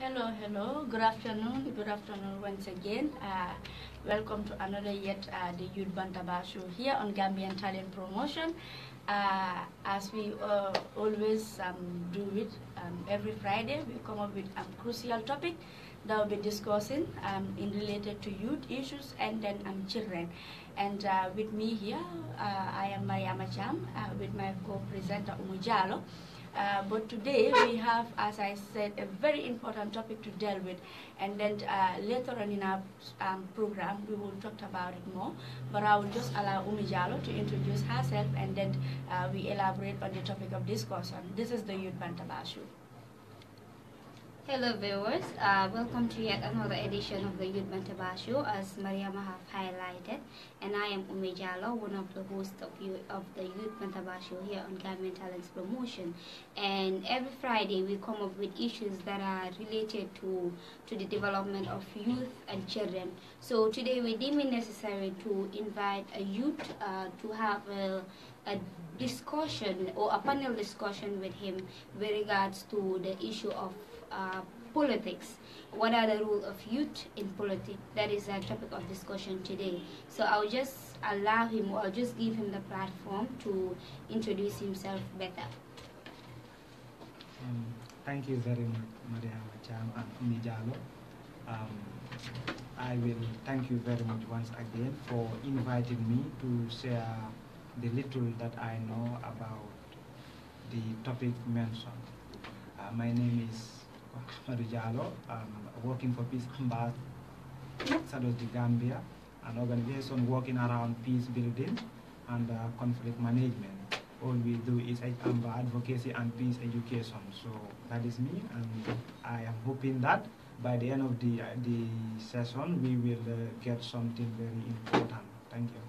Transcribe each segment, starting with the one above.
Hello, hello. Good afternoon. Good afternoon once again. Uh, welcome to another yet uh, the Youth Bantaba show here on Gambian Talent Promotion. Uh, as we uh, always um, do it um, every Friday, we come up with a crucial topic that we'll be discussing um, in related to youth issues and then um, children. And uh, with me here, uh, I am Mariama Cham with my co-presenter Umujalo. Jalo. Uh, but today we have, as I said, a very important topic to deal with. And then uh, later on in our um, program, we will talk about it more. But I will just allow Umi Jalo to introduce herself and then uh, we elaborate on the topic of discussion. This is the Youth Bantabashu. Hello viewers, uh, welcome to yet another edition of the Youth Bantaba Show as Mariama have highlighted and I am Umejalo, one of the hosts of, you, of the Youth Bantaba Show here on Government Talents Promotion and every Friday we come up with issues that are related to, to the development of youth and children. So today we deem it necessary to invite a youth uh, to have a, a discussion or a panel discussion with him with regards to the issue of uh, politics. What are the role of youth in politics? That is a topic of discussion today. So I'll just allow him, or I'll just give him the platform to introduce himself better. Um, thank you very much, Maria Wacham and Mijalo. Um, I will thank you very much once again for inviting me to share the little that I know about the topic mentioned. Uh, my name is Fadu I'm working for peace ambassadors to Gambia, an organization working around peace building and uh, conflict management. All we do is advocacy and peace education. So that is me, and I am hoping that by the end of the, uh, the session, we will uh, get something very important. Thank you.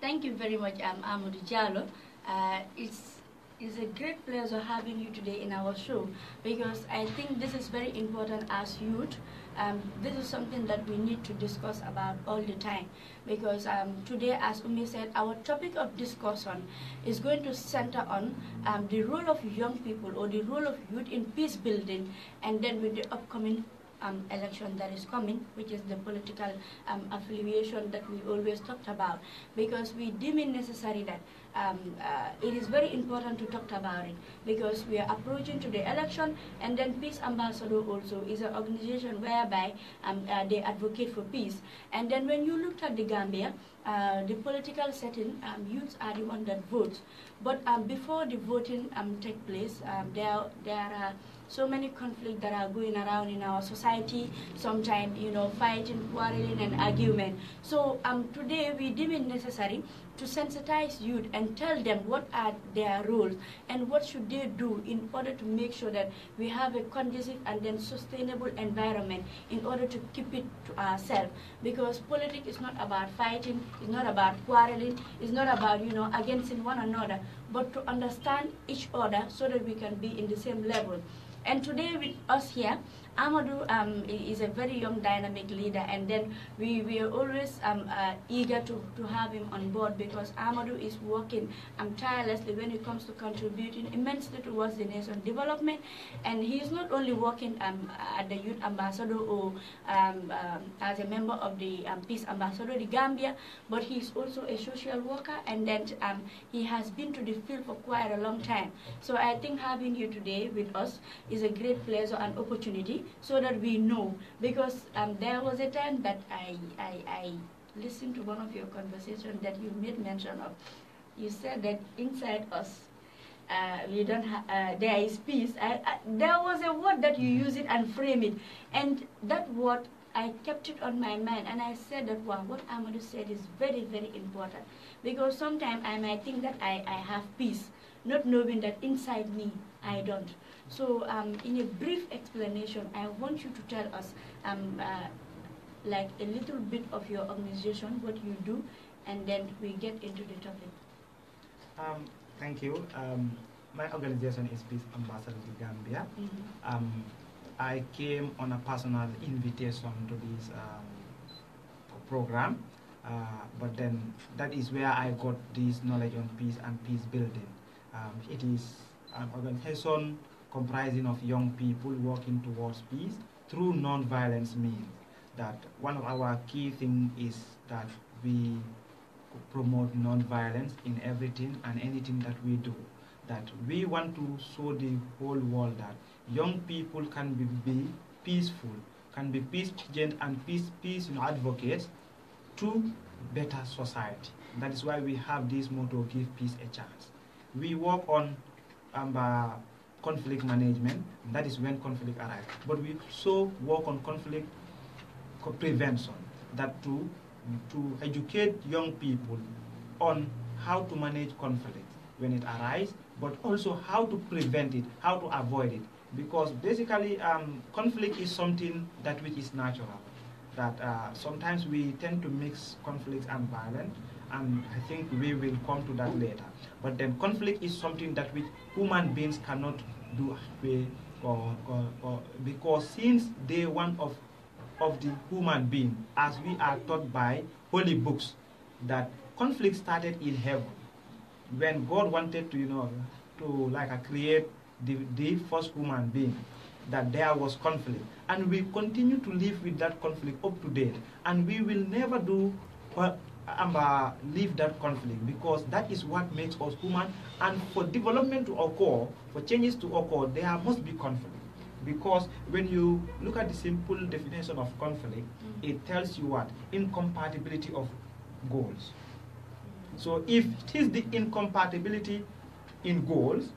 Thank you very much, um, Amadou Jallo. Uh, it's it's a great pleasure having you today in our show because I think this is very important as youth. Um, this is something that we need to discuss about all the time because um, today, as Umi said, our topic of discussion is going to center on um, the role of young people or the role of youth in peace building and then with the upcoming um, election that is coming, which is the political um, affiliation that we always talked about, because we deem it necessary that um, uh, it is very important to talk about it, because we are approaching to the election, and then Peace Ambassador also is an organization whereby um, uh, they advocate for peace. And then when you looked at the Gambia, uh, the political setting, um, youths are the one that votes. But um, before the voting um, take place, there, there are so many conflicts that are going around in our society, sometimes, you know, fighting, quarreling, and argument. So um, today we deem it necessary to sensitize youth and tell them what are their roles and what should they do in order to make sure that we have a conducive and then sustainable environment in order to keep it to ourselves. Because politics is not about fighting, it's not about quarreling, it's not about, you know, against one another, but to understand each other so that we can be in the same level and today with us here Amadou um, is a very young, dynamic leader, and then we, we are always um, uh, eager to, to have him on board because Amadou is working um, tirelessly when it comes to contributing immensely towards the nation development. And he is not only working um, at the youth ambassador or um, um, as a member of the um, peace ambassador, the Gambia, but he is also a social worker, and then he has been to the field for quite a long time. So I think having you today with us is a great pleasure and opportunity so that we know. Because um, there was a time that I, I, I listened to one of your conversations that you made mention of. You said that inside us, uh, we don't ha- uh, there is peace. I, I, there was a word that you mm-hmm. use it and frame it, and that word I kept it on my mind, and I said that I'm what Amadou said is very very important, because sometimes I might think that I, I have peace, not knowing that inside me I don't. So um, in a brief explanation, I want you to tell us um, uh, like a little bit of your organization, what you do, and then we get into the topic. Um, thank you. Um, my organization is Peace Ambassador to Gambia. Mm -hmm. I came on a personal invitation to this um, program, uh, but then that is where I got this knowledge on peace and peace building. it is an organization comprising of young people working towards peace through non-violence means. That one of our key thing is that we promote non-violence in everything and anything that we do. That we want to show the whole world that young people can be, be peaceful, can be peace agent and peace peace you know, advocates to better society. That is why we have this motto: "Give peace a chance." We work on um, uh, conflict management. That is when conflict arises. But we also work on conflict prevention, that to, to educate young people on how to manage conflict when it arises, but also how to prevent it, how to avoid it. Because basically, um, conflict is something that which is natural. That uh, sometimes we tend to mix conflict and violence and I think we will come to that later. But then conflict is something that we human beings cannot do away or, or, or, because since day one of of the human being, as we are taught by holy books, that conflict started in heaven when God wanted to you know to like uh, create the, the first human being that there was conflict and we continue to live with that conflict up to date and we will never do uh, um, leave that conflict because that is what makes us human. And for development to occur, for changes to occur, there must be conflict. Because when you look at the simple definition of conflict, mm. it tells you what? Incompatibility of goals. So if it is the incompatibility in goals,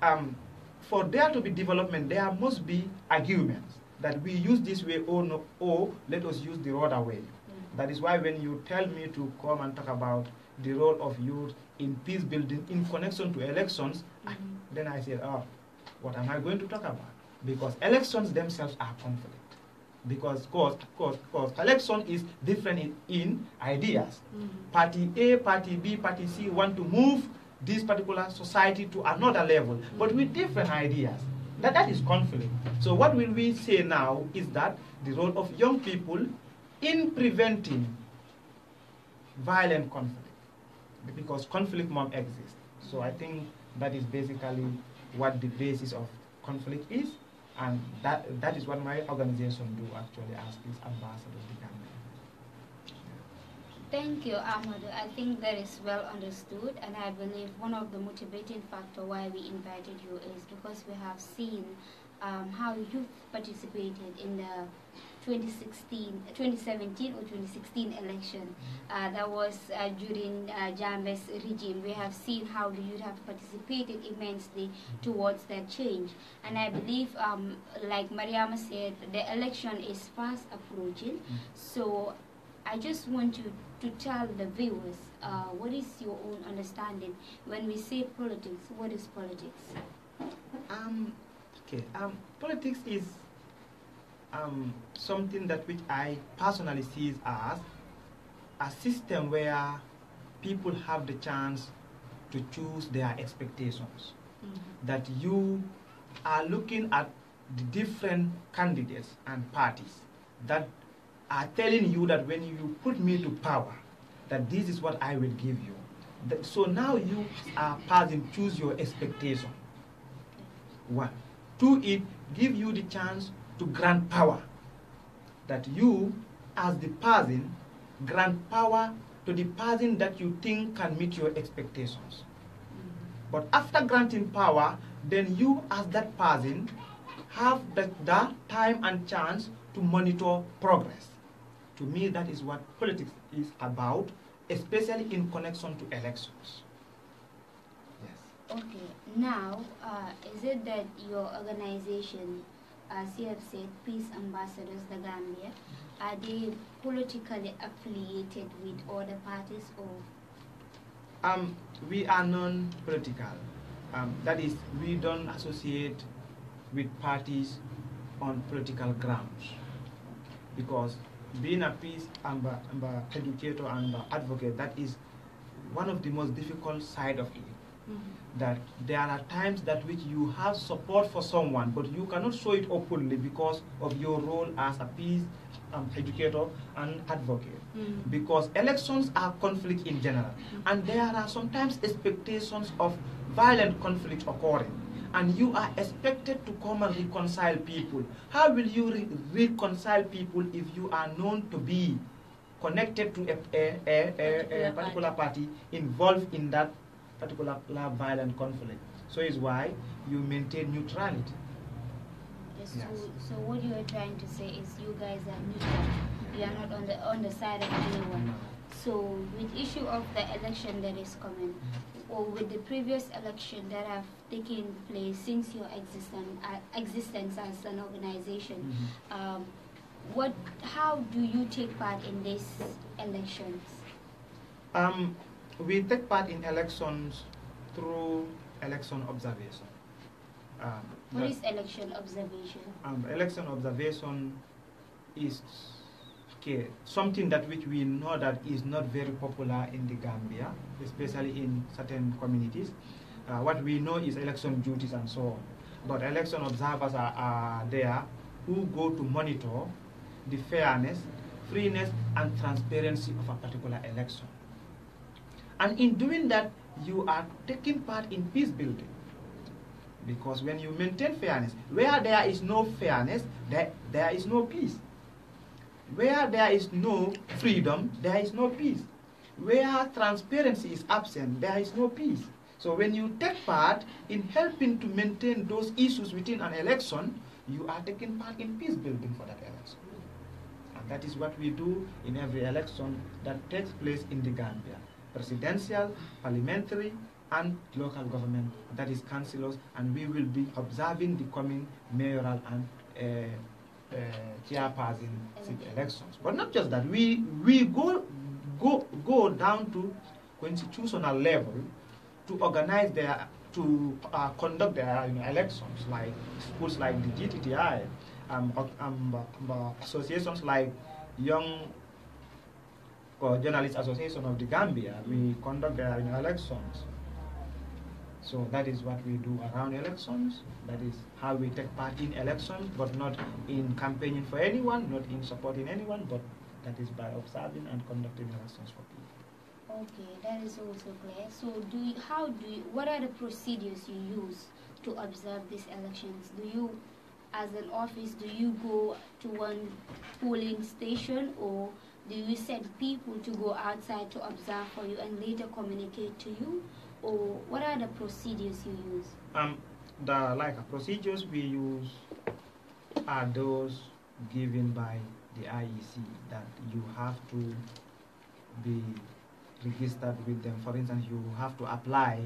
um, for there to be development, there must be arguments that we use this way or no, or let us use the other way. That is why when you tell me to come and talk about the role of youth in peace building in connection to elections, mm -hmm. then I say, oh, what am I going to talk about? Because elections themselves are conflict. Because cost, cost, cost. Election is different in, in ideas. Mm -hmm. Party A, Party B, Party C want to move this particular society to another level, mm -hmm. but with different ideas. That, that is conflict. So what will we say now is that the role of young people in preventing violent conflict because conflict mom exists. So I think that is basically what the basis of conflict is, and that that is what my organization do actually as these ambassadors to Thank you, Ahmadu. I think that is well understood, and I believe one of the motivating factor why we invited you is because we have seen um, how you participated in the 2016, 2017 or 2016 election. Mm-hmm. Uh, that was uh, during uh, Jammeh's regime. We have seen how the youth have participated immensely mm-hmm. towards that change. And I believe, um, like Mariama said, the election is fast approaching. Mm-hmm. So I just want you to, to tell the viewers, uh, what is your own understanding? When we say politics, what is politics? Um, okay, um, politics is um, something that which I personally see as a system where people have the chance to choose their expectations. Mm -hmm. That you are looking at the different candidates and parties that are telling you that when you put me to power, that this is what I will give you. That, so now you are passing, choose your expectation. One. Two, it give you the chance to grant power. That you, as the person, grant power to the person that you think can meet your expectations. Mm-hmm. But after granting power, then you, as that person, have the, the time and chance to monitor progress. To me, that is what politics is about, especially in connection to elections. Yes. Okay, now, uh, is it that your organization as you have said peace ambassadors, the Gambia, are they politically affiliated with other parties or? Um, we are non-political. Um, that is, we don't associate with parties on political grounds because being a peace and educator and advocate, that is one of the most difficult side of it. Mm -hmm that there are times that which you have support for someone, but you cannot show it openly because of your role as a peace um, educator and advocate. Mm. Because elections are conflict in general, hmm. and there are sometimes expectations of violent conflict occurring. And you are expected to come and reconcile people. How will you re reconcile people if you are known to be connected to a, a, a, a particular party involved in that particular violent conflict. So it's why you maintain neutrality. yes. So, so what you are trying to say is you guys are neutral. You are not on the on the side of anyone. So with issue of the election that is coming, mm-hmm. or with the previous election that have taken place since your existence, uh, existence as an organization, mm -hmm. um, what, how do you take part in these elections? Um, we take part in elections through election observation. Um, what is election observation? Um, election observation is okay, something that which we know that is not very popular in the Gambia, especially in certain communities. Uh, what we know is election duties and so on. But election observers are, are there who go to monitor the fairness, freeness, and transparency of a particular election. And in doing that, you are taking part in peace building. Because when you maintain fairness, where there is no fairness, there, there is no peace. Where there is no freedom, there is no peace. Where transparency is absent, there is no peace. So when you take part in helping to maintain those issues within an election, you are taking part in peace building for that election. And that is what we do in every election that takes place in the Gambia presidential, parliamentary, and local government, that is councillors, and we will be observing the coming mayoral and uh, uh, elections. But not just that, we, we go, go, go down to constitutional level to organize their, to uh, conduct their you know, elections, like schools like the GTTI, um, um, um, associations like Young Journalists Association of the Gambia, we conduct our elections. So that is what we do around elections. That is how we take part in elections, but not in campaigning for anyone, not in supporting anyone, but that is by observing and conducting elections for people. Okay, that is also clear. So, do you, how do you, what are the procedures you use to observe these elections? Do you, as an office, do you go to one polling station or do you send people to go outside to observe for you and later communicate to you? Or what are the procedures you use? Um, the like procedures we use are those given by the IEC that you have to be registered with them. For instance, you have to apply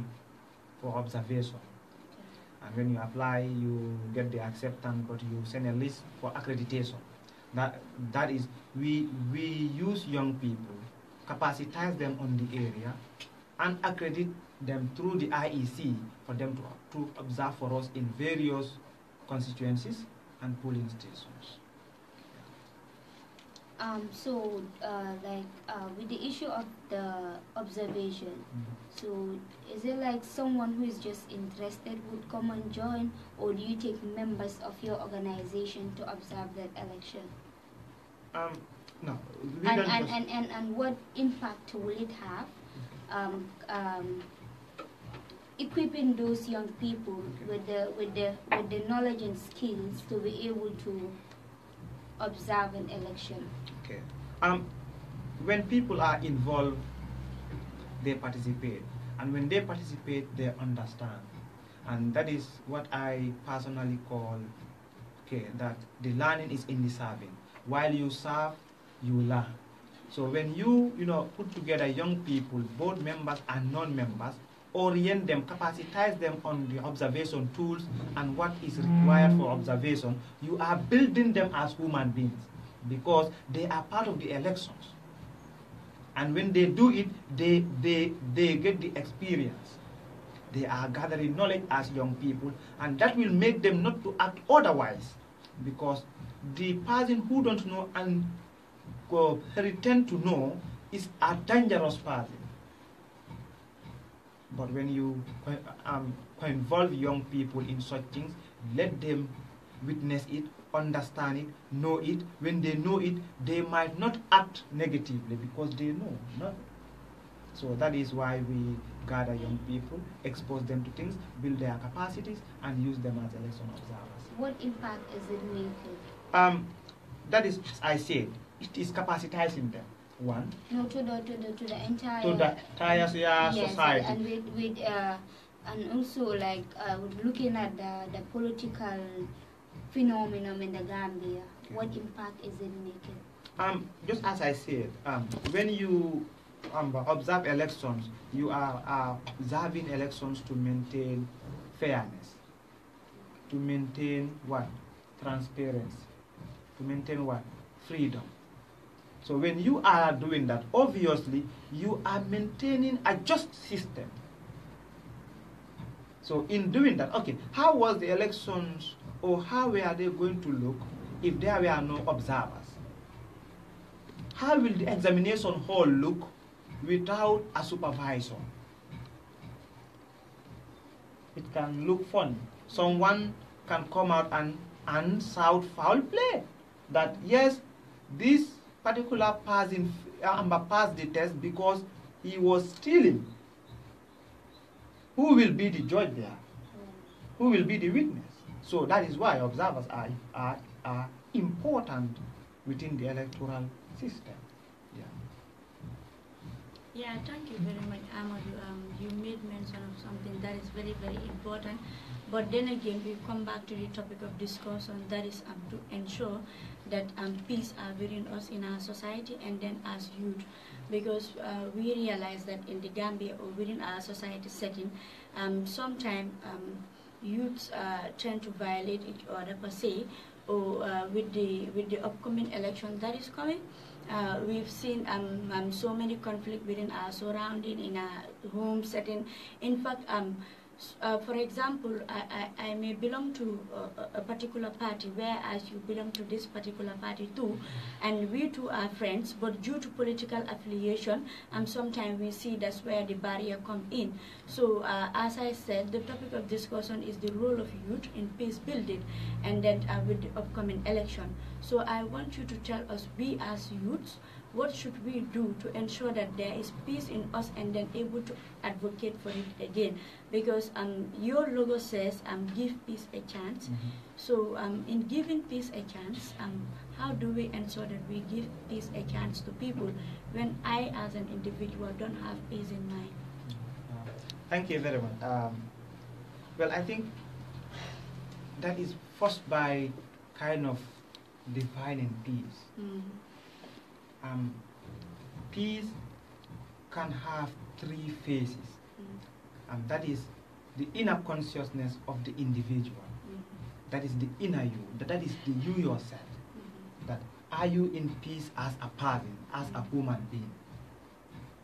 for observation. And when you apply, you get the acceptance, but you send a list for accreditation. That that is we we use young people, capacitize them on the area, and accredit them through the IEC for them to, to observe for us in various constituencies and polling stations. Um, so, uh, like uh, with the issue of the observation, mm -hmm. so is it like someone who is just interested would come and join, or do you take members of your organization to observe that election? Um, no. And, and, and, and, and what impact will it have? Um, um, equipping those young people with the, with, the, with the knowledge and skills to be able to observe an election. Okay. Um, when people are involved, they participate. And when they participate, they understand. And that is what I personally call okay, that the learning is in the serving. While you serve, you learn. So when you, you know, put together young people, both members and non-members, orient them, capacitize them on the observation tools and what is required for observation, you are building them as human beings because they are part of the elections. And when they do it, they, they, they get the experience. They are gathering knowledge as young people, and that will make them not to act otherwise because the person who don't know and pretend to know is a dangerous person. But when you um, involve young people in such things, let them witness it, understand it, know it. When they know it, they might not act negatively because they know So that is why we gather young people, expose them to things, build their capacities, and use them as election observers. What impact is it making um, that is, I said, it is capacitizing them. One. No, to the to the to the entire. To the entire yeah, yes, society. and with with uh, and also like uh, looking at the the political phenomenon in the Gambia, okay. what impact is it making? Um, just as I said, um, when you um, observe elections, you are uh, observing elections to maintain fairness, to maintain what transparency to maintain what? Freedom. So when you are doing that, obviously you are maintaining a just system. So in doing that, okay, how was the elections or how were they going to look if there were no observers? How will the examination hall look without a supervisor? It can look fun. Someone can come out and, and shout foul play that yes, this particular person uh, Amba passed the test because he was stealing. Who will be the judge there? Who will be the witness? So that is why observers are, are, are important within the electoral system. Yeah. Yeah, thank you very much, Amadou. Um, you made mention of something that is very, very important. But then again, we come back to the topic of discussion that is um, to ensure that um, peace are within us in our society and then as youth because uh, we realize that in the Gambia or within our society setting um, sometimes um, youths uh, tend to violate each other per se or uh, with the with the upcoming election that is coming uh, we've seen um, um, so many conflict within our surrounding in our home setting in fact um, uh, for example, I, I, I, may belong to a, a, particular party, whereas you belong to this particular party too, mm-hmm. and we two are friends, but due to political affiliation, and um, sometimes we see that's where the barrier comes in. So uh, as I said, the topic of discussion is the role of youth in peace building, and then uh, with the upcoming election. So I want you to tell us, we as youths, what should we do to ensure that there is peace in us and then able to advocate for it again? Because um, your logo says, um, give peace a chance. Mm -hmm. So um, in giving peace a chance, um, how do we ensure that we give peace a chance to people when I, as an individual, don't have peace in mind? thank you very much. Um, well, I think that is first by kind of defining peace. Mm -hmm um, peace can have three phases, mm -hmm. and that is the inner consciousness of the individual. Mm -hmm. That is the inner you. That, that is the you yourself. Mm -hmm. That are you in peace as a person, as a human being?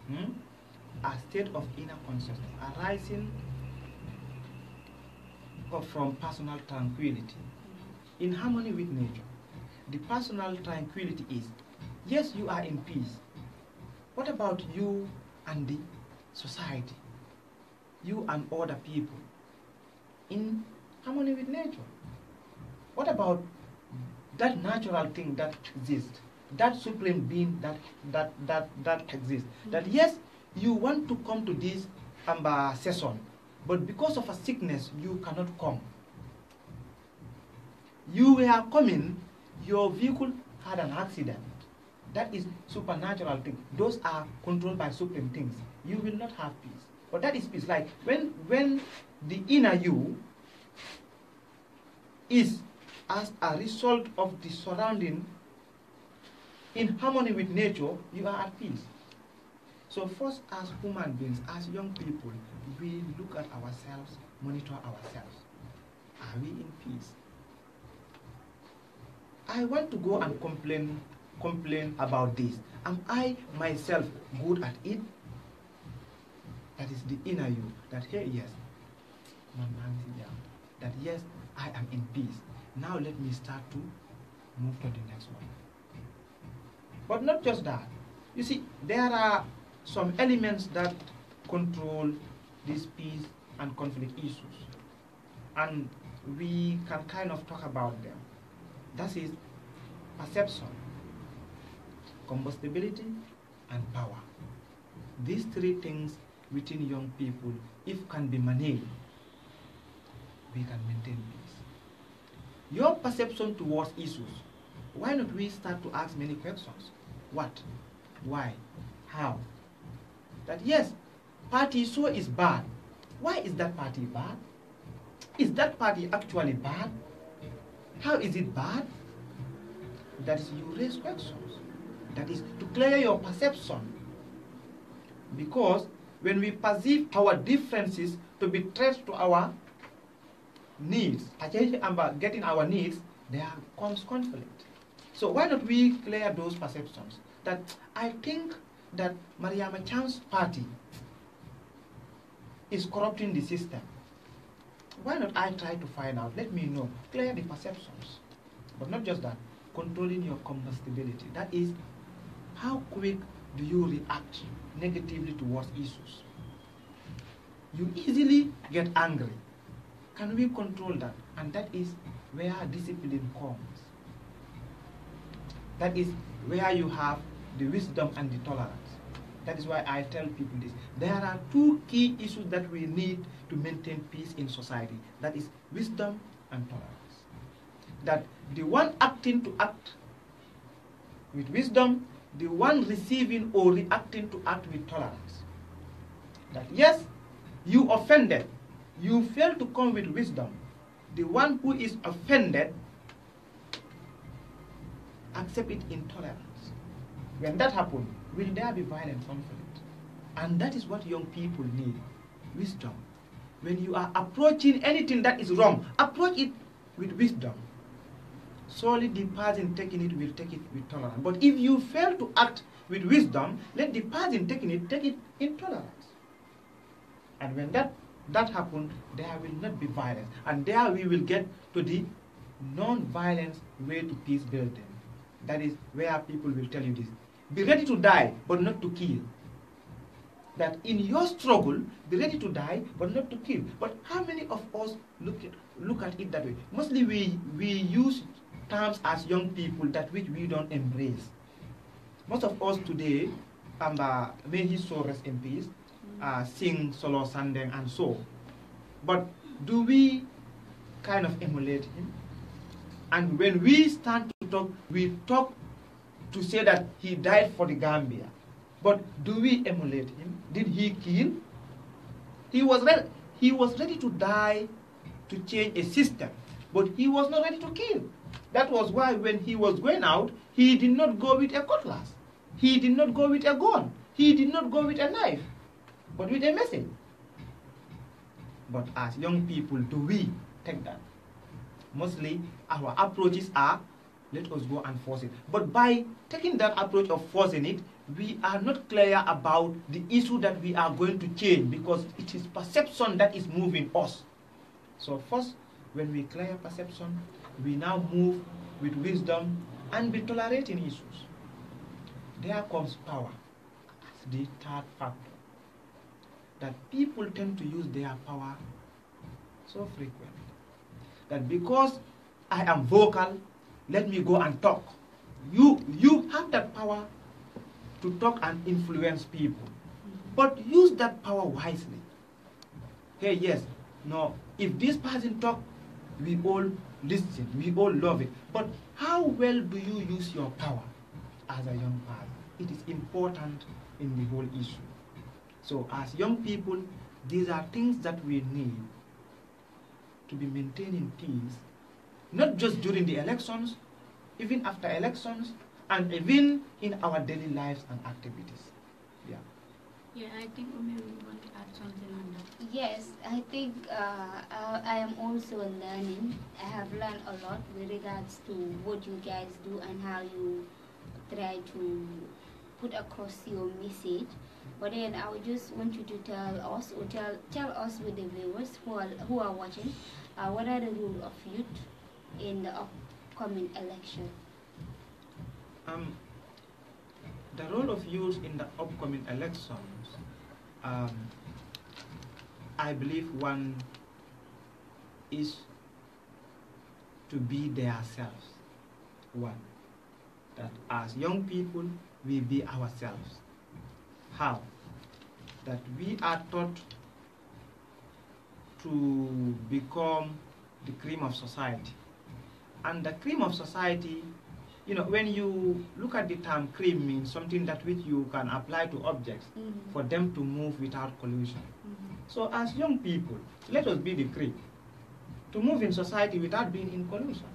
Hmm? A state of inner consciousness arising from personal tranquility mm-hmm. in harmony with nature. The personal tranquility is Yes, you are in peace. What about you and the society? You and other people in harmony with nature. What about that natural thing that exists, that supreme being that that that that exists? That mm-hmm. yes, you want to come to this amber session, but because of a sickness, you cannot come. You were coming, your vehicle had an accident. That is supernatural thing. Those are controlled by supreme things. You will not have peace. But that is peace. Like when when the inner you is as a result of the surrounding in harmony with nature, you are at peace. So first, as human beings, as young people, we look at ourselves, monitor ourselves. Are we in peace? I want to go and complain complain about this? Am I myself good at it? That is the inner you. That here, yes, my mind is down. That yes, I am in peace. Now let me start to move to the next one. But not just that. You see, there are some elements that control these peace and conflict issues. And we can kind of talk about them. That is perception combustibility, and power. These three things within young people, if can be managed, we can maintain peace. Your perception towards issues, why not we start to ask many questions? What? Why? How? That yes, party so is bad. Why is that party bad? Is that party actually bad? How is it bad? That is you raise questions. That is to clear your perception. Because when we perceive our differences to be traced to our needs, achieving and getting our needs, there comes conflict. So why not we clear those perceptions? That I think that Mariama Chan's party is corrupting the system. Why not I try to find out? Let me know. Clear the perceptions. But not just that, controlling your combustibility. That is how quick do you react negatively towards issues? You easily get angry. Can we control that? And that is where discipline comes. That is where you have the wisdom and the tolerance. That is why I tell people this. There are two key issues that we need to maintain peace in society. That is wisdom and tolerance. That the one acting to act with wisdom the one receiving or reacting to act with tolerance. That yes, you offended, you fail to come with wisdom. The one who is offended accept it in tolerance. When that happens, will there be violent conflict? And that is what young people need, wisdom. When you are approaching anything that is wrong, approach it with wisdom solely the person taking it will take it with tolerance. But if you fail to act with wisdom, let the person taking it take it in tolerance. And when that, that happens, there will not be violence. And there we will get to the non-violence way to peace building. That is where people will tell you this. Be ready to die, but not to kill. That in your struggle, be ready to die, but not to kill. But how many of us look at, look at it that way? Mostly we, we use terms as young people that which we don't embrace. Most of us today, um, uh, may his soul rest in peace, mm. uh, sing solo sandeng and so. But do we kind of emulate him? And when we stand to talk, we talk to say that he died for the Gambia. But do we emulate him? Did he kill? He was ready. He was ready to die to change a system, but he was not ready to kill. That was why when he was going out, he did not go with a cutlass. He did not go with a gun. He did not go with a knife, but with a message. But as young people, do we take that? Mostly our approaches are, let us go and force it. But by taking that approach of forcing it, we are not clear about the issue that we are going to change because it is perception that is moving us. So first, when we clear perception, we now move with wisdom and be tolerating issues. There comes power the third factor that people tend to use their power so frequently. That because I am vocal, let me go and talk. You, you have that power to talk and influence people, but use that power wisely. Hey, yes, no, if this person talk, we all listen, we all love it. But how well do you use your power as a young person? It is important in the whole issue. So as young people, these are things that we need to be maintaining things, not just during the elections, even after elections, and even in our daily lives and activities. Yes, I think uh, I, am also learning. I have learned a lot with regards to what you guys do and how you try to put across your message. But then I would just want you to tell us or tell tell us with the viewers who are who are watching, uh, what are the role of youth in the upcoming election? Um, the role of youth in the upcoming elections, um, I believe one is to be themselves. One, that as young people, we be ourselves. How? That we are taught to become the cream of society. And the cream of society you know, when you look at the term cream means something that which you can apply to objects mm -hmm. for them to move without collusion. Mm -hmm. So as young people, let us be the cream to move in society without being in collusion.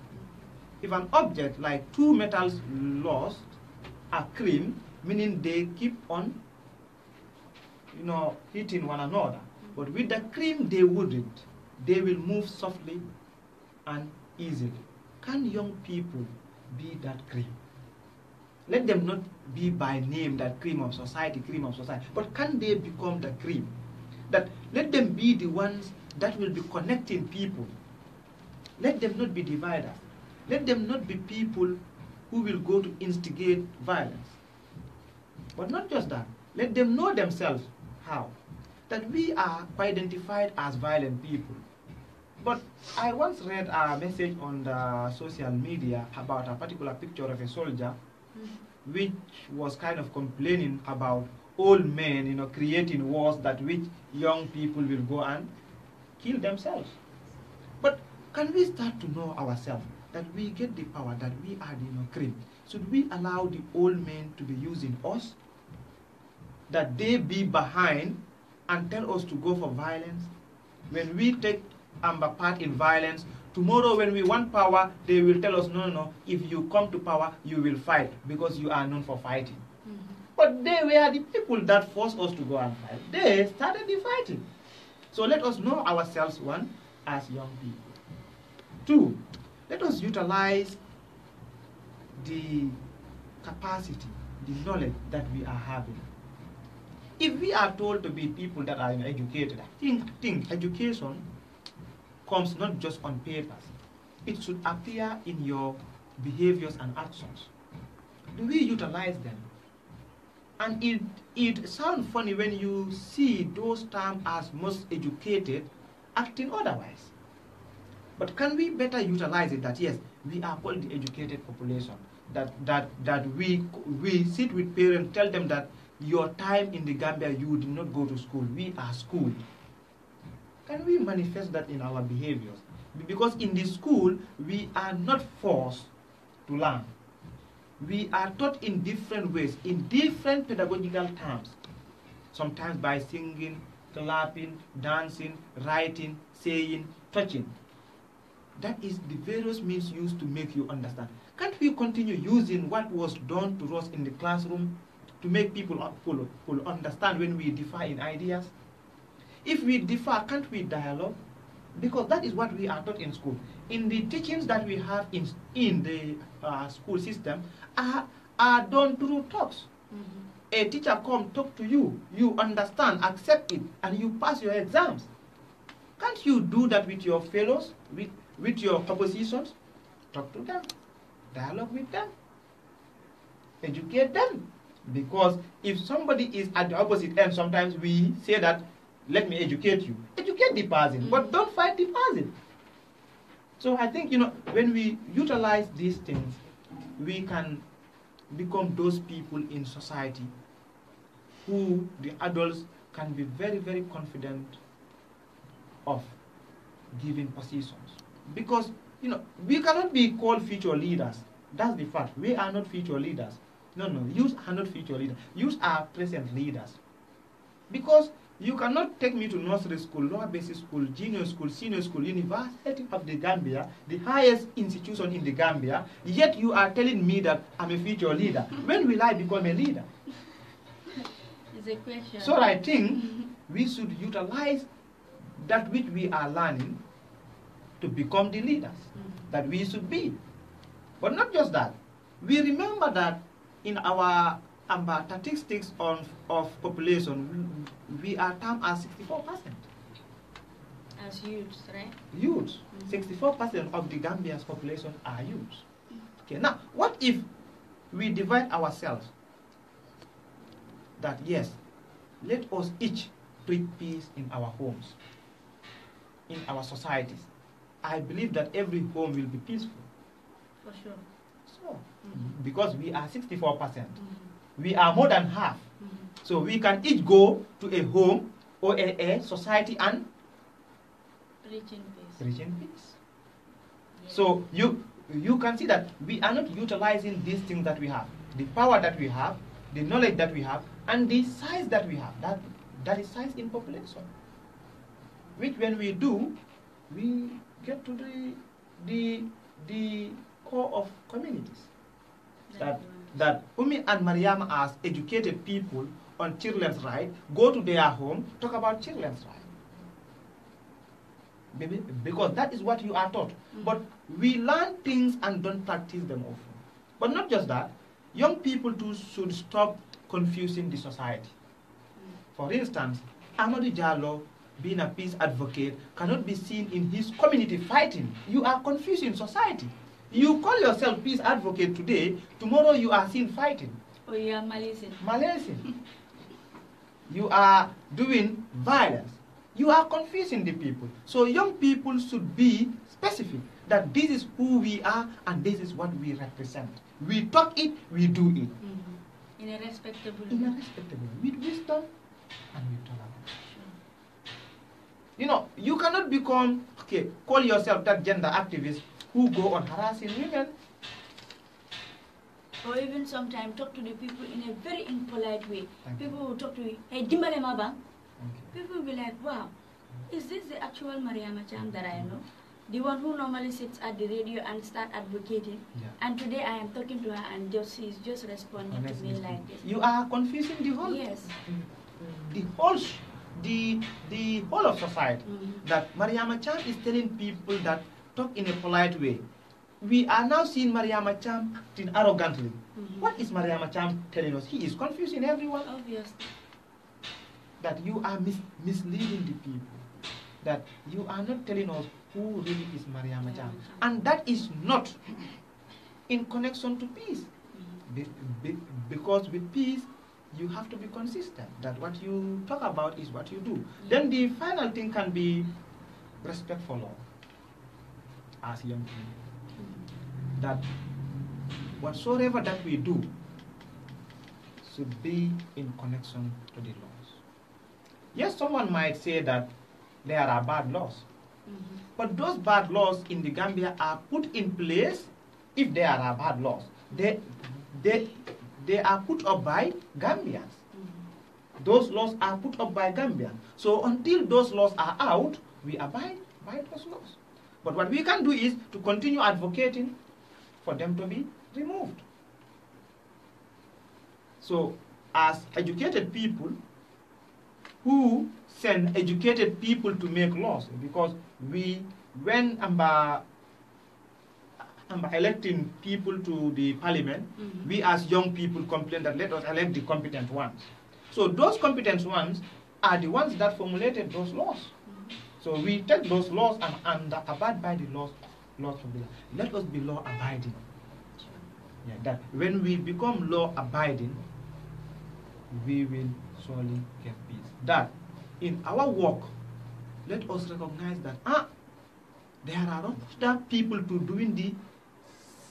If an object like two metals lost are cream, meaning they keep on, you know, hitting one another. Mm-hmm. But with the cream, they wouldn't. They will move softly and easily. Can young people be that cream. Let them not be by name that cream of society, cream of society, but can they become the cream? That let them be the ones that will be connecting people. Let them not be dividers. Let them not be people who will go to instigate violence. But not just that, let them know themselves how. That we are identified as violent people. But I once read a message on the social media about a particular picture of a soldier mm-hmm. which was kind of complaining about old men, you know, creating wars that which young people will go and kill themselves. But can we start to know ourselves that we get the power, that we are the you know, cream? Should we allow the old men to be using us? That they be behind and tell us to go for violence? When we take amber part in violence. Tomorrow when we want power, they will tell us, no, no, no, if you come to power, you will fight because you are known for fighting. Mm -hmm. But they were the people that forced us to go and fight. They started the fighting. So let us know ourselves, one, as young people. Two, let us utilize the capacity, the knowledge that we are having. If we are told to be people that are educated, I think, think education comes not just on paper, it should appear in your behaviors and actions. Do we utilize them? And it, it sounds funny when you see those terms as most educated acting otherwise. But can we better utilize it that yes, we are called the educated population, that, that, that we, we sit with parents, tell them that your time in the Gambia, you did not go to school, we are schooled can we manifest that in our behaviors? Because in the school, we are not forced to learn. We are taught in different ways, in different pedagogical terms. Sometimes by singing, clapping, dancing, writing, saying, touching. That is the various means used to make you understand. Can't we continue using what was done to us in the classroom to make people understand when we differ in ideas? If we differ, can't we dialogue? Because that is what we are taught in school. In the teachings that we have in, in the uh, school system are, are done through talks. Mm -hmm. A teacher come talk to you, you understand, accept it, and you pass your exams. Can't you do that with your fellows, with, with your propositions? Talk to them, dialogue with them, educate them. Because if somebody is at the opposite end, sometimes we say that let me educate you. Educate the person, but mm. don't fight the person. So I think, you know, when we utilize these things, we can become those people in society who the adults can be very, very confident of giving positions. Because, you know, we cannot be called future leaders. That's the fact. We are not future leaders. No, no, you are not future leaders. You are present leaders. Because you cannot take me to nursery school, lower basic school, junior school, senior school, university of the Gambia, the highest institution in the Gambia, yet you are telling me that I'm a future leader. when will I become a leader? It's a question. So I think we should utilize that which we are learning to become the leaders mm -hmm. that we should be. But not just that. We remember that in our and about statistics on, of population, we are termed as 64%. As youths, right? Youths. Mm -hmm. 64% of the Gambia's population are youths. Mm -hmm. Okay, now, what if we divide ourselves that, yes, let us each preach peace in our homes, in our societies. I believe that every home will be peaceful. For sure. So, mm -hmm. because we are 64%. percent mm-hmm we are more than half. Mm -hmm. So we can each go to a home or a, a society and preach in peace. Reach in peace. So you you can see that we are not utilizing these things that we have, the power that we have, the knowledge that we have, and the size that we have. That that is size in population. Which when we do, we get to the the the core of communities. That that Umi and Mariam as educated people on children's rights go to their home, talk about children's rights. Maybe because that is what you are taught. Mm. But we learn things and don't practice them often. But not just that, young people too should stop confusing the society. Mm. For instance, Amadou Jallo, being a peace advocate, cannot be seen in his community fighting. You are confusing society. You call yourself peace advocate today, tomorrow you are seen fighting. Oh you are Malaysian. you are doing violence. You are confusing the people. So young people should be specific that this is who we are and this is what we represent. We talk it, we do it. Mm -hmm. In a respectable In way. a respectable way. With wisdom and with tolerance. Sure. You know, you cannot become, okay, call yourself that gender activist who go on harassing women. Or even sometimes talk to the people in a very impolite way. Thank people you. will talk to you, hey, Dimbale Maba. People will be like, wow, is this the actual Mariama Chang that I know? The one who normally sits at the radio and start advocating. Yeah. And today I am talking to her and just she's just responding Honestly. to me like this. You are confusing the whole Yes. The whole the the whole of society mm -hmm. that Mariama Chan is telling people that talk in a polite way. We are now seeing Mariama Cham acting arrogantly. Mm -hmm. What is Mariama Cham telling us? He is confusing everyone. Obviously. That you are mis misleading the people. That you are not telling us who really is Mariama Cham. And that is not in connection to peace. Mm-hmm. Be, be, because with peace, you have to be consistent that what you talk about is what you do. Mm-hmm. Then the final thing can be respect for law as young people that whatsoever that we do should be in connection to the laws. Yes, someone might say that there are bad laws, mm -hmm. but those bad laws in the Gambia are put in place if there are bad laws. They, they, they are put up by Gambians. Mm -hmm. Those laws are put up by Gambians. So until those laws are out, we abide by those laws. But what we can do is to continue advocating for them to be removed. So, as educated people who send educated people to make laws, because we, when Amber um, electing people to the parliament, mm -hmm. we as young people complain that let us elect the competent ones. So those competent ones are the ones that formulated those laws. So we take those laws and, and abide by the laws, laws from the law. Let us be law abiding. Yeah, that when we become law abiding, we will surely get peace. That in our work, let us recognize that ah, there are other people to doing the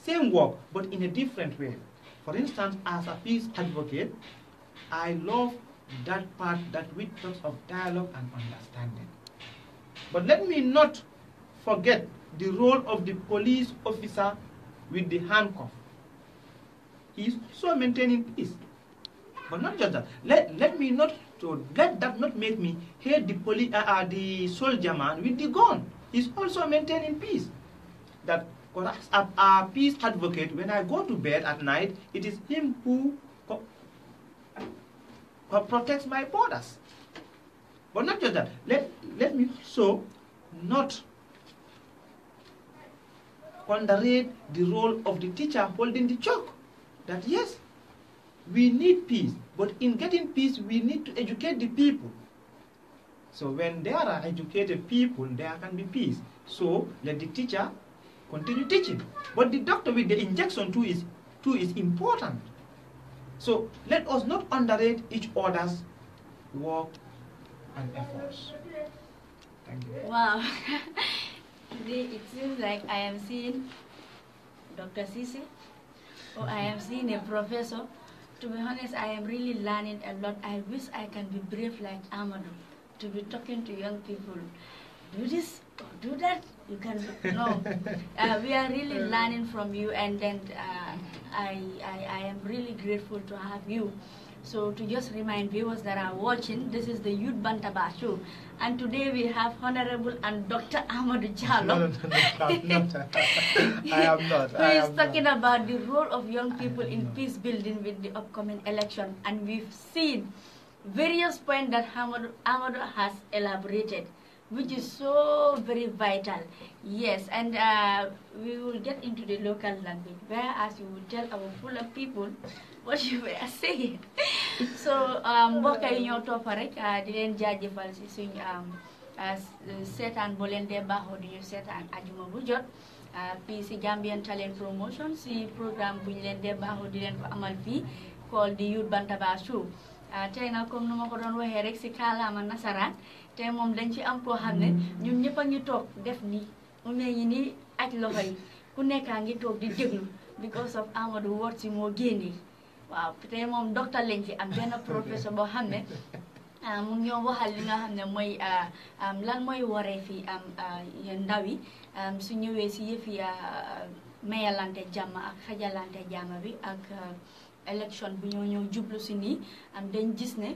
same work but in a different way. For instance, as a peace advocate, I love that part that which talks of dialogue and understanding. But let me not forget the role of the police officer with the handcuff. He is also maintaining peace. But not just that. Let, let me not to let that not make me hate the police uh, uh, the soldier man with the gun. He's also maintaining peace. That because as a, a peace advocate, when I go to bed at night, it is him who protects my borders. But not just that. Let, let me also not underrate the role of the teacher holding the chalk. That yes, we need peace, but in getting peace, we need to educate the people. So when there are educated people, there can be peace. So let the teacher continue teaching. But the doctor with the injection too is, too is important. So let us not underrate each other's work and efforts. Thank you. Wow. it seems like I am seeing Dr. Sisi or I am seeing a professor. To be honest, I am really learning a lot. I wish I can be brave like Amadou to be talking to young people. Do this do that. You can no. Uh, we are really learning from you, and then uh, I, I I am really grateful to have you. So to just remind viewers that are watching, this is the Youth Banta Bashu. And today we have Honorable and Dr. Ahmad Jalo. No, no, no, no, not. I am not. Who is talking not. about the role of young people in not. peace building with the upcoming election. And we've seen various points that Ahmad, Ahmadu has elaborated which is so very vital. Yes, and uh, we will get into the local language, whereas you will tell our fuller people what you were saying so um, mbokk yi ñoo toppa rek ah, di leen jaajëfal si suñ um, ah, seetaan bu leen dee baaxoo di ñu seetaan ajuma bu jot ah, fii si Gambian Talent Promotion si programme bu ñu leen dee baaxoo di leen ko amal fii call di Youth Bantaba Show tey nag comme nu ma ko doon waxee rek si kaalaama nasaraan te moom dañ ci am koo xam ne ñu ñëpp a ngi toog def nii ume yi nii aj loxo ku nekkaa ngi toog di déglu because of Amadou Wot si moo génnee waaw te moom docteur lañ ci am benn professeur boo xam ne mu ngi ñoo waxal li nga xam ne mooy lan mooy woree fi am ndaw yi su ñëwee si yëf yi mayalante jàmm ak xajalante uh, jàmm bi ak élection bu ñoo ñëw jublu si nii am um, dañ gis ne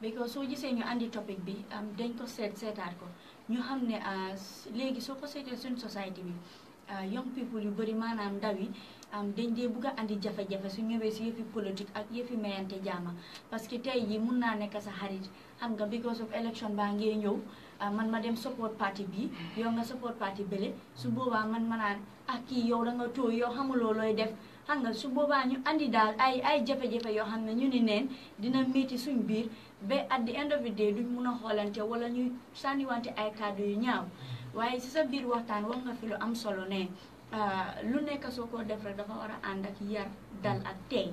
because soo gisee ñu andi topic bi am um, dañ ko seet seetaat ko ñu xam ne uh, léegi soo ko seetee suñ société bi uh, young people yu bëri maanaam ndaw yi dañ dee bugg a andi jafe-jafe su ñëwee si yëfi politique ak yëfi mayante jaama parce que tey yi mun naa nekk sa xarit xam nga because of election baa ngee ñëw ah, man ma dem support parti bi yow nga support parti bële su boobaa man ma naan ak ah, kii yow da nga tooy yow xamuloo looy def xam su boobaa ñu andi daal ay ay jafe yoo xam ne ñu ni neen dina métti suñ biir ba at the end of day duñ mun a xoolante wala ñuy sànniwante ay kàddu yu ñaaw waaye si sa biir waxtaan wax nga fi lu am solo ne Eh, lu nekk soo ko def rek dafa wara and ak yar dal ak tay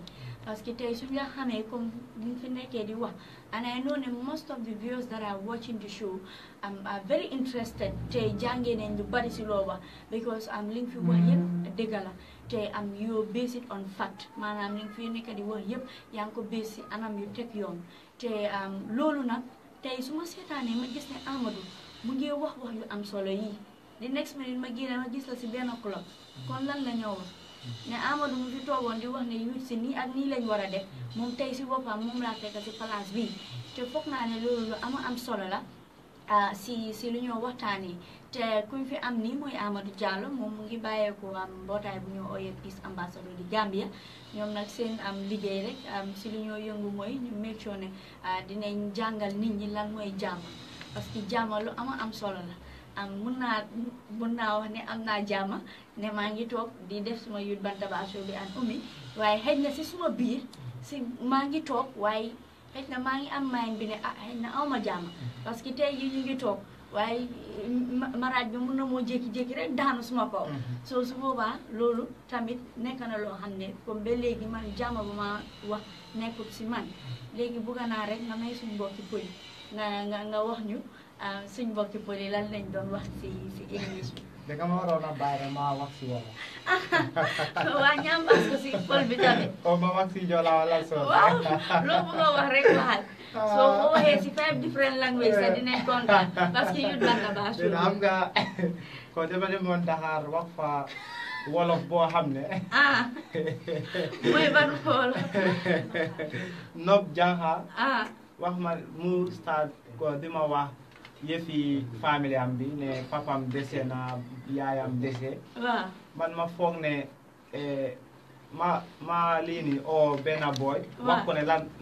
parce que tay suñu xamé comme ñu fi nekké di wax and I know ne most of the viewers that are watching the show am are very interested tay jangé nañ lu bari ci loo because am link fi wax yépp hmm. dégala tay am yoo base it on fact manam ñu fi nekké di wax yépp yang ko base si anam yu tek yoon tay am um, lolu nak tay suma seetaanee ah, ma gis né Amadou mu ngi wax wax yu am solo yi di next minute ma gina ma gis la si benn club kon lan la ñoo ne Amadou mu fi toogoon di wax ne yu ci ni ak ni lañ wara a def moom tey si boppam moom ci place bi te fokk na ne lolu lu ama am solo la si si lu ñoo waxtani te kuñ fi am ni moy Amadou Diallo mom mu ngi ko uh, am um, botay bu ñu oyé oh, pis Ambassador di Gambia ñom nak seen am liggéey rek si lu ñoo yëngu moy ñu make sure dinañ uh, jangal nit ñi lan moy jamm parce que jamm lu ama am solo la am mun naa mun naa wax ne am naa jàmma ne maa ngi toog di def suma yut bantaba show bi an umi waaye xëj na si suma biir si maa ngi toog waaye xëj na maa ngi am maayin bi ne ah xëj na awma jàmm parce que tey jii toog waaye maraaj bi mun na moo jékki-jékki rek daanu suma kaw mm-hmm. soo su boobaa loolu tamit nekk na loo xam ne comme ba léegi man jàmm bu ma wax nekkul si man mm-hmm. léegi bugga naa rek nga may suñ mbokki pël nga nga nga wax ñu um, swing ball kipulilan na don waksi si English. Deka mo ro na bare ma waksi wala. Wa nyam ba so swing ball bitabe. O ma waksi jo la wala so. Wow, lo mo ga wa rek lahat. So o he si five different language sa dinay konta. Baski yun ba na ba so. Dinam ga ko de ba de mon dahar wakfa wolof boo xam ne. ah muy ban wolof. nopp jànqa. ah wax ma mu start ko di wax. yëfi famille am bi ne papam dese na yaayam dese. waaw man ma foog ne eh, ma ma lii nii boy. wax ko ne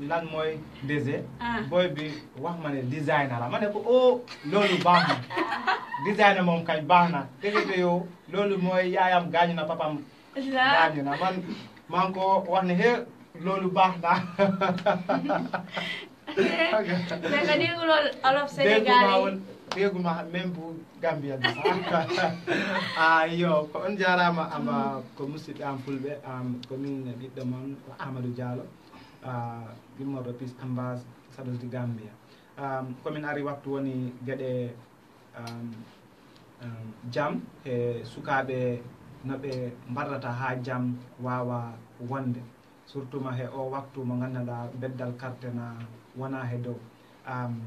lan mooy dese. Ah. boy bi wax ma ne designer la ma ne ko oo oh, loolu baax na. designer moom kañ baax na te yow loolu mooy yaayam gaañu na papam. gaañu na man maa ko wax ne he loolu baax na. mais kadi ngulol olof sénégalais reegu ma même bo gambia ɗo a yo ko on jarama ama ko musidɓe am fulɓe am komin ɓiɗɗo moon ko amadou dialo gimmoɗo ah, gambia komin ari waktu woni gueɗe jam suka be, no ɓe mbarrata jam wawa wonde surtout ma he o waktu mo gandanɗa beddal carte na wona he dow um,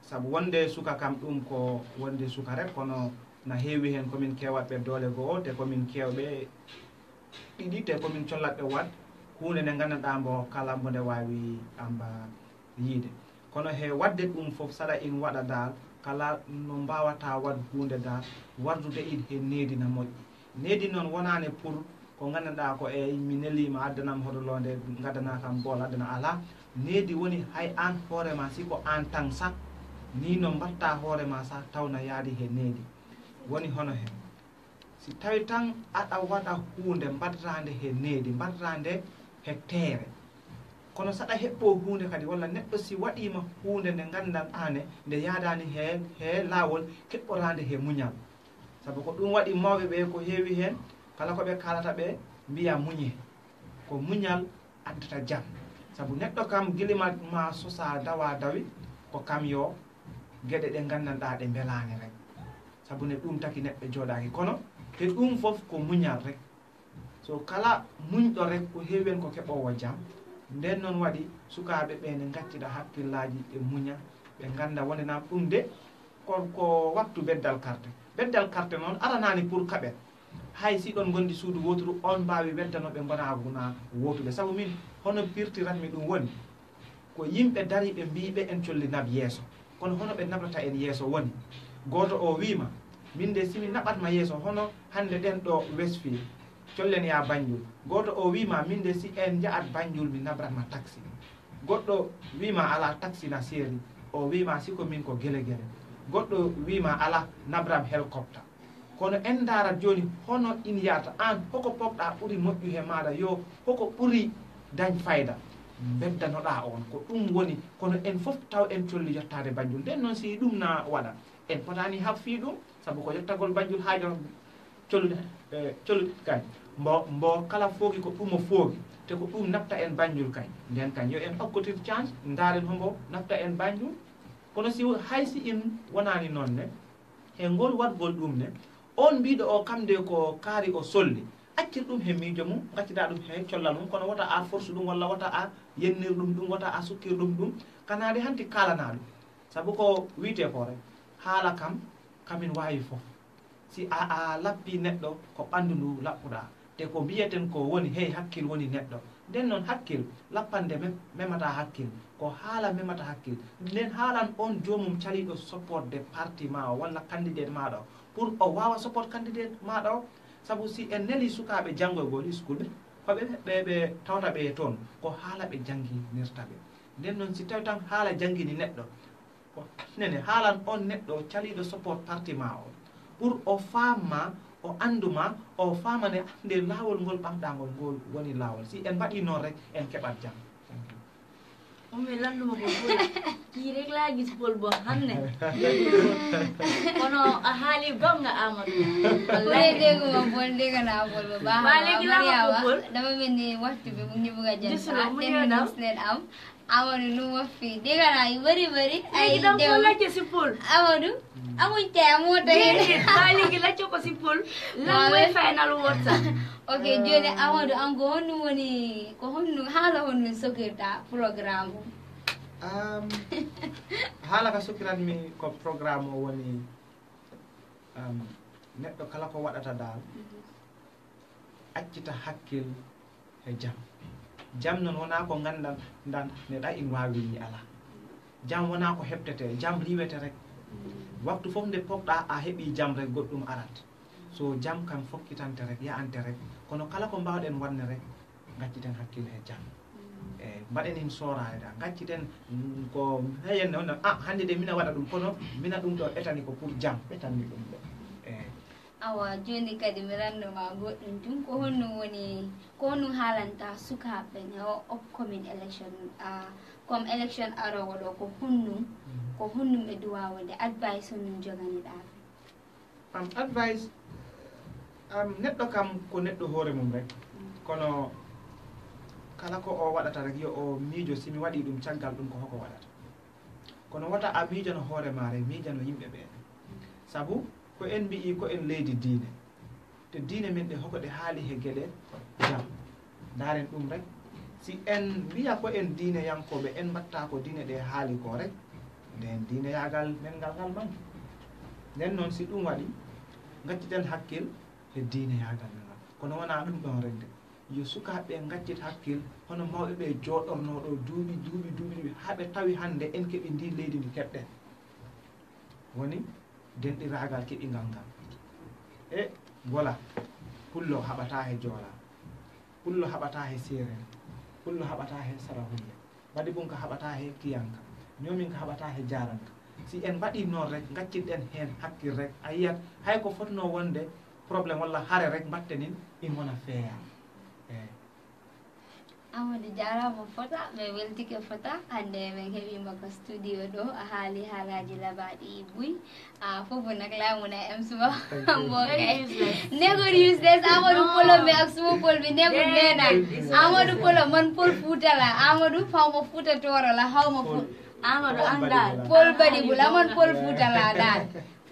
saabu wonde suka kam ɗum ko wonde suka ret kono na heewi hen komin kewatɓe doole goho te komin kewɓe ɗiɗi te komin collatɓe wat hunde nde gandanɗa mbo kala mbo nde wawi amba yiide kono he wadde ɗum foof saɗa in waɗa dal kala no mbawata wad hunde dal wardude in he needi na moƴƴi needi noon wonani pour ko gandanɗa ko ey mi nelima addanam hoto londe gaddana kam bool addana ala needi woni hay an hoorema si ko an tan sa ni no mbatta hoorema sa tawna yaadi he needi woni hono hen si tawi tan aɗa waɗa hunde mbaddatande he needi mbaddatande he teere kono saɗa heɓɓo hunde kadi walla neɗɗo si waɗima hunde nde gandanɗane ah, nde yadani he he lawol keɓɓotande he muñal saabu ko ɗum waɗi mawɓeɓe ko heewi hen kala ko ɓe kalata ɓe mbiya muñe ko muñal addata jam sabu neɗɗo kam gilima ma susa dawa dawi ko kam yo geɗe ɗe gandanɗa ɗe belani rek sabu ne ɗum taki neɗɗo joɗaki kono te ɗum fof ko muñal rek so kala muñɗo rek ko heewen ko keɓowo jam nden noon waɗi sukaɓe ɓe ne gaccita hakkillaji ɓe muña ɓe ganda wondenam ɗum de ko ko wattu beddal carte beddal carte noon aranani pour kaɓen hay si ɗon gondi suudu wotoru on mbawi weldanoɓe gona guna wotuɓe saabu min hono pirtiranmi ɗum woni ko yimɓe dariɓe mbiɓe en colli nab yeeso kono hono ɓe naɓata en yeeso woni goto o wima min de simi naɓatma yeeso hono hande ɗen ɗo wesfi collen ya banjul goto o wima min de si en jaat banjul mi nabratma taxi goɗɗo wima ala taxi na seeri o wima siko min ko gueleguele goɗɗo wima ala nabram hélicoptere kono en daarat jooni hono in yahata aan hoko poɓɗa ɓuri moƴƴu he maaɗa yo hoko ɓuri dañ fayida mm. beddanoɗa on ko ɗum woni kono en fof taw en colli yettade banjul nden noon si ɗum na waɗa en potani haf fii ɗum saabu ko yettagol banjul haajo colude e, colude kañ mbo mbo kala fooki ko ɗumo foogi te ko ɗum nafta en banjul kañ nden kañ yo en hokkotir change daaren hombo nafta en banjul kono si hay si in wonani noon ne e ngol waɗgol ɗum ne on mbiɗo o kam de ko kaari o solli accir ɗum he miijo mum gaccita ɗum he collal mum kono wota a force ɗum walla wota a yennir ɗum ɗum wota a sukkir ɗum ɗum kanaade hanti kalana ɗum saabu ko wiite koore haala kam kamin wawi foof si a a lappi neɗɗo ko ɓandu ndu laɓɓuɗa te ko mbiyeten ko woni hey hakkil woni neɗɗo nden noon hakkil lappande memata hakkil ko haala memata hakkil nden haalan on jomum caliɗo support de parti ma o walla candidate maɗo pour o wawa support candidate maɗa o saabu si en neli sukaɓe janggo e goli school ɓe koɓeɓe tawta ɓe toon ko haala ɓe jangginirtaɓe nden noon si tawi tan haala jangini neɗɗo ko nene haalan on neɗɗo caliɗo support parti ma o pour o famma o anduma o famane nde lawol ngol ɓamɗangol ngol woni lawol si en mbaɗi noon rek en keɓat jang moom mi laa gis bool boo xam ne kono a haali gonga Amadou wala dégguma bool dégg naa bool bu baax waa laa ko bool dama mel ni waxtu bi mu ngi bëgg a jël ten minutes leen am awanu numa fi dega na beri bari ay kita mo la ke sipul awanu amu te amu te bali ke la ke ko sipul la mo fa lu wota okay jole awanu an go honnu woni ko honnu hala mi ko program woni um neddo kala ko wadata dal accita jam noon wona ko gandan dan neɗa in e wawi ni ala jam wona ko heɓtete jam riwete rek waktu foof nde poɗɗa a heeɓi jam rek goɗɗum arat so jam kam fokkitante rek yahante rek kono kala ko mbawɗen wadne rek gacciten hakkille e jam eyi mbaɗen hin sorare ɗa gacciten mm, ko heyenne onɗan a ah, hannde de mina waɗa ɗum kono mina ɗum ɗo ɓetani ko pour jam ɓetanni ɗum ɗo awa joni kadi miranno mago ɗum tun ko honno woni ko honno haalanta sukaɓe ne o upcoming election comme election arowo ɗo ko honnum mm-hmm. ko honnum ɓe duwawode advice honnum joganiɗaɓe am advice am neɗɗo kam ko neɗɗo hoore mum rek mm. kono kala ko o waɗata rek yo o miijo simi waɗi ɗum caggal ɗum ko hoko waɗata kono wota a miijano hoore mare miijano yimɓe ɓe mm. sabu ko en mbi'i e, ko en leydi diine te diine min ɗe hokoɗe haali he gueɗe jam daren ɗum rek si en mbiya ko en diine yankoɓe en mbatta ko diine ɗe haali ko rek nden diineyagal men ngal ngal mangi nden noon si ɗum waɗi gacciten hakkil he diineyagal men ngal kono wona ɗum ɗon rek nde yo sukaɓe gaccit hakkil hono mawɓeɓe jooɗorno ɗo duuɓi duuɓi duuɓi ɗuɓi haaɓe tawi hande en keeɓi ndi leydi ndi keɓɗen woni denɗiragal keɓigal ngal e gola pullo haɓata he joola pullo haɓata he seren pullo haɓata he sarahulle mbaɗi ɓum ka haɓata he kiyanka ñomin ka haɓata he jaranka si en mbaɗi noon rek gaccinɗen heen hakkil rek a yiyat hay ko fotno wonde probléme walla hare rek mbatte nin in wona feeyaa amadou jarama fota mi weltike fota hande min heeɓima ko studio ɗo a haali haalaji labaɗi buy a fofo nak lamuna m suba mbokay negod useless amadou polo mi ak suma pol mi negod nena amadou polo man pol fuutala amadou fawmo fuuta torola hawma amadou andal pol baɗi bul amon pol fuutala dal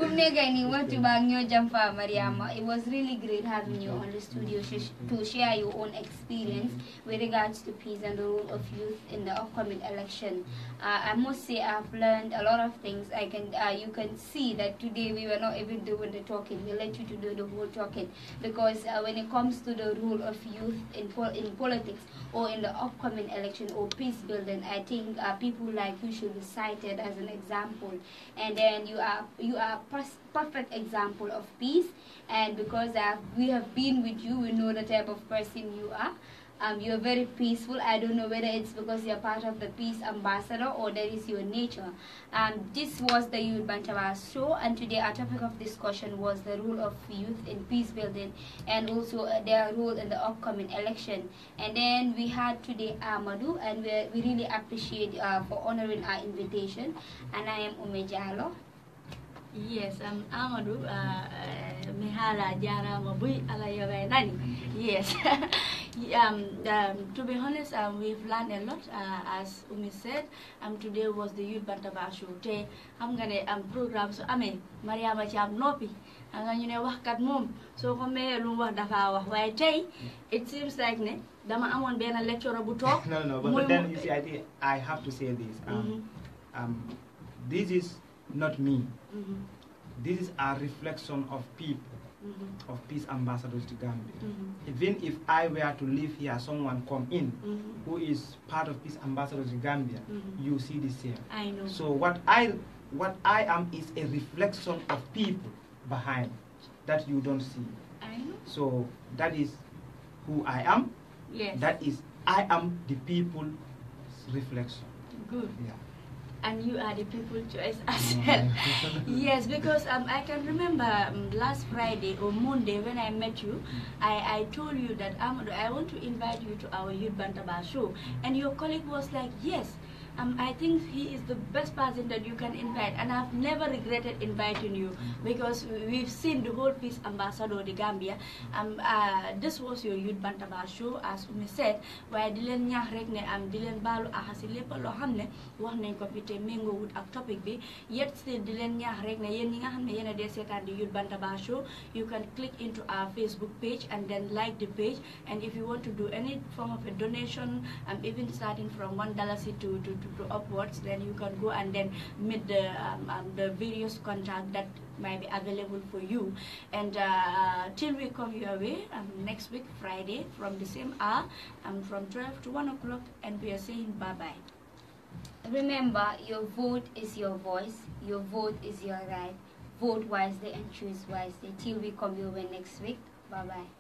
Kumne Gaini, what to Jamfa Mariama. It was really great having you on the studio sh to share your own experience with regards to peace and the role of youth in the upcoming election. Uh, I must say I've learned a lot of things. I can uh, you can see that today we were not even doing the talking. We let you to do the whole talking because uh, when it comes to the role of youth in pol in politics, or in the upcoming election or peace building. I think uh, people like you should be cited as an example, and then you are you are perfect example of peace. And because uh, we have been with you, we know the type of person you are. Um, you are very peaceful. I don't know whether it's because you're part of the peace ambassador or that is your nature. Um, this was the Youth Bantawa show, and today our topic of discussion was the role of youth in peace building and also uh, their role in the upcoming election. And then we had today Amadou, and we, we really appreciate uh, for honoring our invitation. And I am Umejalo. Yes, I'm Amadou uh, uh Mihala Jara Mabui Alayavanani. Yes, um, um, to be honest, um, we've learned a lot, uh, as Umi said. Um, today was the Youth Bantabashu today, I'm gonna um, program so I mean, Maria Macham Nopi. I'm gonna work at mom. So, come here, Lumba work, Why, Tay? It seems like ne, Dama Amon be a lecturer would talk. No, no, but, but then you see, I think I have to say this. Um, mm -hmm. um, this is not me. Mm-hmm. This is a reflection of people, mm-hmm. of peace ambassadors to Gambia. Mm-hmm. Even if I were to live here, someone come in who is part of peace ambassadors to Gambia, you see this here. I know. So what I what I am is a reflection of people behind that you don't see. I know. So that is who I am. Yes. That is I am the people reflection. Good. Yeah and you are the people choice as mm, well. yes, because um, I can remember um, last Friday or Monday when I met you, mm. I, I told you that Amado, I want to invite you to our Youth Bantaba show. And your colleague was like, yes, um, I think he is the best person that you can invite and I've never regretted inviting you because we've seen the whole peace ambassador the Gambia um, uh, this was your youth bantaba show as Oumie said where Dylan leen ñaax rek ne am um, di leen baalu àq si lépp loo xam topic bi yet still Dylan leen ñaax rek ne yéen ñi youth bantaba show you can click into our Facebook page and then like the page and if you want to do any form of a donation um, even starting from one dollar to to upwards then you can go and then meet the um, um, the various contract that might be available for you and uh, uh, till we come your way um, next week friday from the same hour um, from 12 to 1 o'clock and we are saying bye bye remember your vote is your voice your vote is your right vote wisely and choose wisely till we come your way next week bye bye